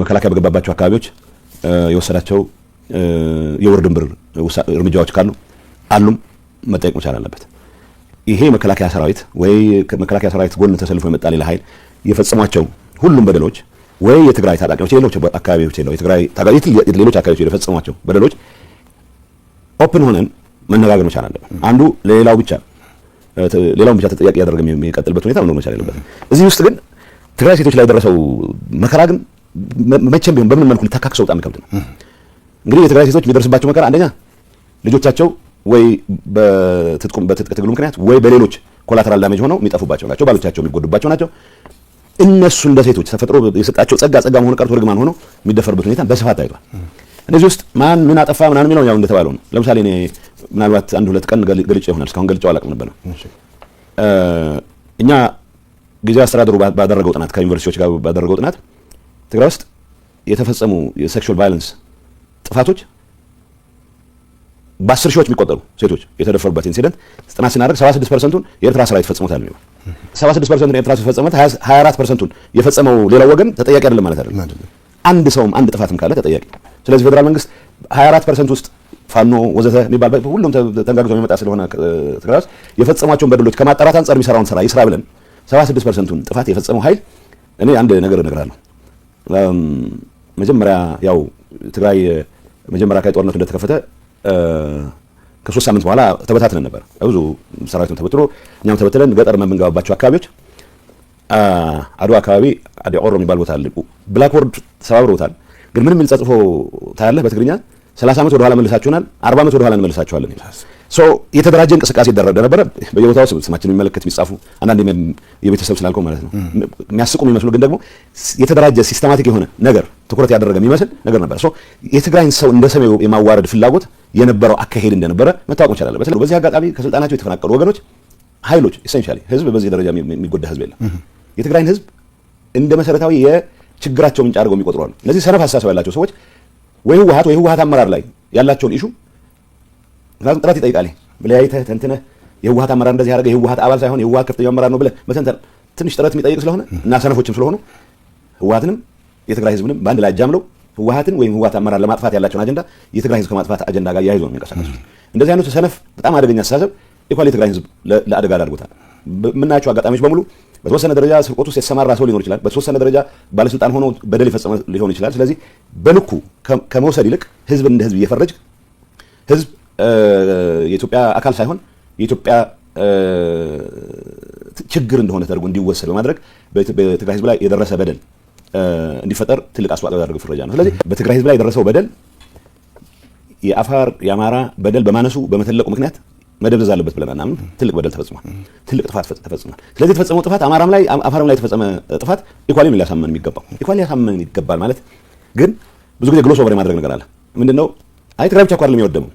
መከላከያ በገባባቸው አካባቢዎች የወሰዳቸው የወር ድንብር እርምጃዎች ካሉ አሉም መጠየቅ መቻል አለበት። ይሄ መከላከያ ሰራዊት ወይ መከላከያ ሰራዊት ጎን ተሰልፎ የመጣ ሌላ ኃይል የፈጸሟቸው ሁሉም በደሎች ወይ የትግራይ ታጣቂዎች ሌሎች አካባቢዎች ለው የትግራይ ታጣቂዎች ሌሎች አካባቢዎች የፈጸሟቸው በደሎች ኦፕን ሆነን መነጋገር መቻል አለበት። አንዱ ለሌላው ብቻ ሌላውን ብቻ ተጠያቂ ያደረገ የሚቀጥልበት ሁኔታ መኖር መቻል አለበት። እዚህ ውስጥ ግን ትግራይ ሴቶች ላይ የደረሰው መከራ ግን መቼም ቢሆን በምን መልኩ ሊታካክሰው በጣም ይከብድ ነው። እንግዲህ የትግራይ ሴቶች የሚደርስባቸው መከራ አንደኛ ልጆቻቸው ወይ በትጥቅ ትግሉ ምክንያት ወይ በሌሎች ኮላተራል ዳሜጅ ሆነው የሚጠፉባቸው ናቸው። ባሎቻቸው የሚጎዱባቸው ናቸው። እነሱ እንደ ሴቶች ተፈጥሮ የሰጣቸው ጸጋ ጸጋ መሆኑ ቀርቶ ርግማን ሆኖ የሚደፈርበት ሁኔታ በስፋት ታይቷል። እነዚህ ውስጥ ማን ምን አጠፋ ምናምን የሚለው ያው እንደተባለው ነው። ለምሳሌ እኔ ምናልባት አንድ ሁለት ቀን ገልጬ ይሆናል እስካሁን ገልጬው አላቅም ነበር። እኛ ጊዜ አስተዳደሩ ባደረገው ጥናት ከዩኒቨርሲቲዎች ጋር ባደረገው ጥናት ትግራይ ውስጥ የተፈጸሙ የሴክሹዋል ቫዮለንስ ጥፋቶች በአስር ሺዎች የሚቆጠሩ ሴቶች የተደፈሩበት ኢንሲደንት ጥናት ስናደርግ 76 ፐርሰንቱን የኤርትራ ሰራዊት ፈጽሞታል ነው። 76 ፐርሰንቱን የኤርትራ ፈጸመት 24 ፐርሰንቱን የፈጸመው ሌላው ወገን ተጠያቂ አይደለም ማለት አይደለም። አንድ ሰውም አንድ ጥፋትም ካለ ተጠያቂ። ስለዚህ ፌዴራል መንግስት 24 ፐርሰንት ውስጥ ፋኖ ወዘተ የሚባል ሁሉም ተንጋግዞ የሚመጣ ስለሆነ ትግራይ ውስጥ የፈጸሟቸውን በደሎች ከማጣራት አንጻር የሚሰራውን ስራ ይስራ ብለን 76 ፐርሰንቱን ጥፋት የፈጸመው ኃይል እኔ አንድ ነገር እነግራለሁ መጀመሪያ ያው ትግራይ መጀመሪያ ከ ጦርነቱ እንደተከፈተ ከሶስት ሳምንት በኋላ ተበታትነን ነበር። ብዙ ሰራዊቱን ተበትኖ እኛም ተበትለን ገጠር የምንገባባቸው አካባቢዎች አድዋ አካባቢ ኦሮ የሚባል ቦታ አለ። ብላክቦርድ ሰባብሮታል፣ ግን ምንም የምንጸጽፎ ታያለህ በትግርኛ ሰላሳ ዓመት ወደኋላ መልሳችሁናል፣ አርባ ዓመት ወደኋላ እንመልሳችኋለን። የተደራጀ እንቅስቃሴ ይደረግ እንደነበረ በየቦታው ስማችን የሚመለከት የሚጻፉ አንዳንድ የቤተሰብ ስላልከው ማለት ነው የሚያስቁ የሚመስሉ ግን ደግሞ የተደራጀ ሲስተማቲክ የሆነ ነገር ትኩረት ያደረገ የሚመስል ነገር ነበር። የትግራይን ሰው እንደ ሰሜው የማዋረድ ፍላጎት የነበረው አካሄድ እንደነበረ መታወቅ መቻል በተለይ በዚህ አጋጣሚ ከስልጣናቸው የተፈናቀሉ ወገኖች ኃይሎች ኢሴንሻሊ ህዝብ በዚህ ደረጃ የሚጎዳ ህዝብ የለም። የትግራይን ህዝብ እንደ መሰረታዊ የችግራቸው ምንጭ አድርገው የሚቆጥሩ እነዚህ ሰነፍ አስተሳሰብ ያላቸው ሰዎች ወይ ህወሀት ወይ ህወሀት አመራር ላይ ያላቸውን ኢሹ ምክንያቱም ጥረት ይጠይቃል። ብለያይተህ ተንትነህ የህወሀት አመራር እንደዚህ ያደረገ የህወሀት አባል ሳይሆን የህወሀት ከፍተኛ አመራር ነው ብለ መተንተን ትንሽ ጥረት የሚጠይቅ ስለሆነ እና ሰነፎችም ስለሆኑ ህወሀትንም የትግራይ ህዝብንም በአንድ ላይ አጃምለው ህወሀትን ወይም ህወሀት አመራር ለማጥፋት ያላቸውን አጀንዳ የትግራይ ህዝብ ከማጥፋት አጀንዳ ጋር ያይዞ ነው የሚንቀሳቀሱት። እንደዚህ አይነቱ ሰነፍ በጣም አደገኛ አስተሳሰብ ኢኳል የትግራይ ህዝብ ለአደጋ ዳርጎታል። የምናያቸው አጋጣሚዎች በሙሉ በተወሰነ ደረጃ ስርቆት ውስጥ የተሰማራ ሰው ሊኖር ይችላል። በተወሰነ ደረጃ ባለስልጣን ሆኖ በደል የፈጸመ ሊሆን ይችላል። ስለዚህ በልኩ ከመውሰድ ይልቅ ህዝብ እንደ ህዝብ እየፈረጅ ህዝብ የኢትዮጵያ አካል ሳይሆን የኢትዮጵያ ችግር እንደሆነ ተደርጎ እንዲወሰድ በማድረግ በትግራይ ህዝብ ላይ የደረሰ በደል እንዲፈጠር ትልቅ አስተዋጽኦ ያደረገው ፍረጃ ነው። ስለዚህ በትግራይ ህዝብ ላይ የደረሰው በደል የአፋር የአማራ በደል በማነሱ በመተለቁ ምክንያት መደብዘዝ አለበት ብለን አናምን። ትልቅ በደል ተፈጽሟል። ትልቅ ጥፋት ተፈጽሟል። ስለዚህ የተፈጸመው ጥፋት አማራም ላይ አፋርም ላይ የተፈጸመ ጥፋት ኢኳሊ ነው ሊያሳመን የሚገባው። ኢኳሊ ሊያሳመን ይገባል ማለት ግን ብዙ ጊዜ ግሎስ ኦቨር የማድረግ ነገር አለ። ነው? አይ ትግራይ ብቻ አይደለም የወደመው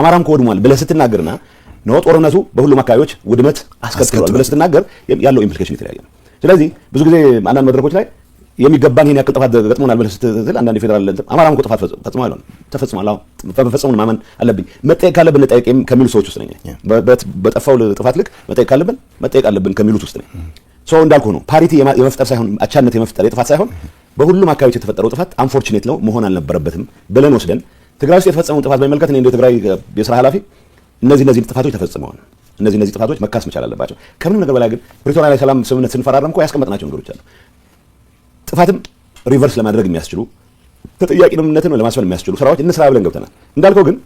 አማራም ከወድሟል ብለህ ስትናገርና ነው ጦርነቱ በሁሉም አካባቢዎች ውድመት አስከትሏል ብለህ ስትናገር ያለው ኢምፕሊኬሽን የተለያየ ነው። ስለዚህ ብዙ ጊዜ አንዳንድ መድረኮች ላይ የሚገባን ይሄን ያክል ጥፋት ገጥሞናል ብለህ ስትል አንዳንድ የፌዴራል እንትን አማራም እኮ ጥፋት ፈጽሟል ተፈጽሟል። አዎ መፈጸሙን ማመን አለብኝ። መጠየቅ ካለብን እንጠየቅ ከሚሉ ሰዎች ውስጥ ነኝ። በጠፋው ጥፋት ልክ መጠየቅ ካለብን መጠየቅ አለብን ከሚሉት ውስጥ ነኝ። ሰው እንዳልኩ ነው። ፓሪቲ የመፍጠር ሳይሆን አቻነት የመፍጠር የጥፋት ሳይሆን በሁሉም አካባቢዎች የተፈጠረው ጥፋት አንፎርቹኔት ነው መሆን አልነበረበትም ብለን ወስደን ትግራይ ውስጥ የተፈጸመውን ጥፋት በሚመልከት እኔ እንደ ትግራይ የስራ ኃላፊ እነዚህ እነዚህ ጥፋቶች ተፈጽመዋል፣ እነዚህ እነዚህ ጥፋቶች መካስ መቻል አለባቸው። ከምንም ነገር በላይ ግን ፕሪቶሪያ ላይ ሰላም ስምምነት ስንፈራረም እኮ ያስቀመጥናቸው ነገሮች አሉ። ጥፋትም ሪቨርስ ለማድረግ የሚያስችሉ ተጠያቂነትን ለማስፈን የሚያስችሉ ስራዎች እንስራ ብለን ገብተናል። እንዳልከው ግን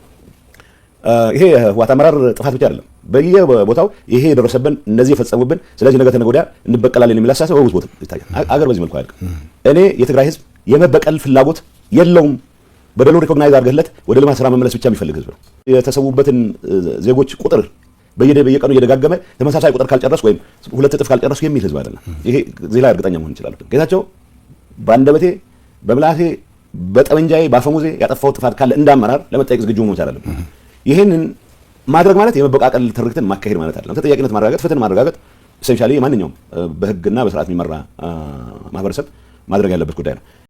ይሄ ህወሓት አመራር ጥፋት ብቻ አይደለም። በየቦታው ይሄ የደረሰብን እነዚህ የፈጸሙብን፣ ስለዚህ ነገ ተነገ ወዲያ እንበቀላለን የሚል አስተሳሰብ በብዙ ቦታ ይታያል። አገር በዚህ መልኩ አያልቅም። እኔ የትግራይ ህዝብ የመበቀል ፍላጎት የለውም። በደሉ ሪኮግናይዝ አድርገህለት ወደ ልማት ስራ መመለስ ብቻ የሚፈልግ ህዝብ ነው። የተሰዉበትን ዜጎች ቁጥር በየቀኑ እየደጋገመ ተመሳሳይ ቁጥር ካልጨረስ ወይም ሁለት እጥፍ ካልጨረሱ የሚል ህዝብ አይደለም። ይሄ ዜላ እርግጠኛ መሆን ይችላሉ። ጌታቸው በአንደበቴ በምላሴ በጠመንጃዬ በአፈሙዜ ያጠፋው ጥፋት ካለ እንዳመራር ለመጠየቅ ዝግጁ መሆን አለብን። ይህንን ማድረግ ማለት የመበቃቀል ትርክትን ማካሄድ ማለት አይደለም። ተጠያቂነት ማረጋገጥ፣ ፍትህን ማረጋገጥ ኢሴንሻሊ ማንኛውም በህግና በስርዓት የሚመራ ማህበረሰብ ማድረግ ያለበት ጉዳይ ነው።